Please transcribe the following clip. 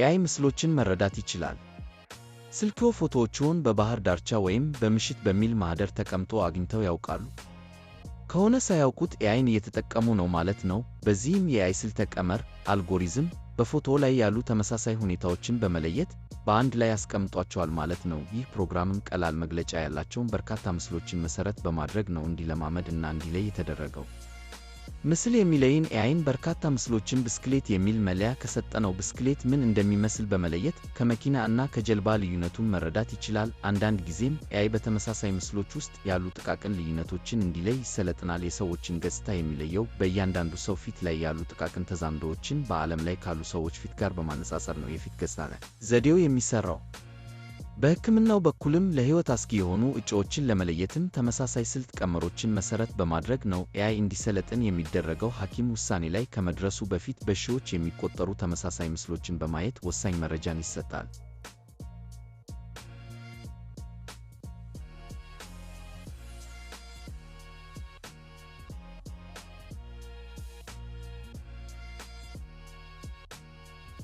ኤአይ ምስሎችን መረዳት ይችላል። ስልክዎ ፎቶዎችውን በባህር ዳርቻ ወይም በምሽት በሚል ማህደር ተቀምጦ አግኝተው ያውቃሉ? ከሆነ ሳያውቁት ኤአይን እየተጠቀሙ ነው ማለት ነው። በዚህም የኤአይ ስልተ ቀመር አልጎሪዝም በፎቶው ላይ ያሉ ተመሳሳይ ሁኔታዎችን በመለየት በአንድ ላይ ያስቀምጧቸዋል ማለት ነው። ይህ ፕሮግራምም ቀላል መግለጫ ያላቸውን በርካታ ምስሎችን መሰረት በማድረግ ነው እንዲለማመድ እና እንዲለይ የተደረገው። ምስል የሚለይን ኤአይን በርካታ ምስሎችን ብስክሌት የሚል መለያ ከሰጠነው ብስክሌት ምን እንደሚመስል በመለየት ከመኪና እና ከጀልባ ልዩነቱን መረዳት ይችላል። አንዳንድ ጊዜም ኤአይ በተመሳሳይ ምስሎች ውስጥ ያሉ ጥቃቅን ልዩነቶችን እንዲለይ ይሰለጥናል። የሰዎችን ገጽታ የሚለየው በእያንዳንዱ ሰው ፊት ላይ ያሉ ጥቃቅን ተዛምዶዎችን በዓለም ላይ ካሉ ሰዎች ፊት ጋር በማነጻጸር ነው። የፊት ገጽታ ዘዴው የሚሠራው በሕክምናው በኩልም ለሕይወት አስጊ የሆኑ እጩዎችን ለመለየትም ተመሳሳይ ስልት ቀመሮችን መሠረት በማድረግ ነው ኤአይ እንዲሰለጥን የሚደረገው። ሐኪም ውሳኔ ላይ ከመድረሱ በፊት በሺዎች የሚቆጠሩ ተመሳሳይ ምስሎችን በማየት ወሳኝ መረጃን ይሰጣል።